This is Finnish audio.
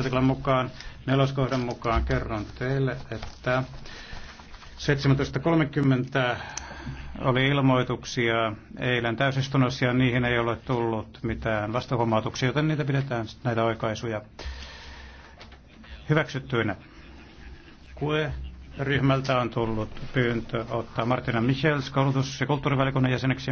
artiklan mukaan, neloskohdan mukaan kerron teille, että 17.30 oli ilmoituksia eilen täysistunnossa ja niihin ei ole tullut mitään vastahuomautuksia, joten niitä pidetään näitä oikaisuja hyväksyttyinä. Kue ryhmältä on tullut pyyntö ottaa Martina Michels koulutus- ja kulttuurivaliokunnan jäseneksi.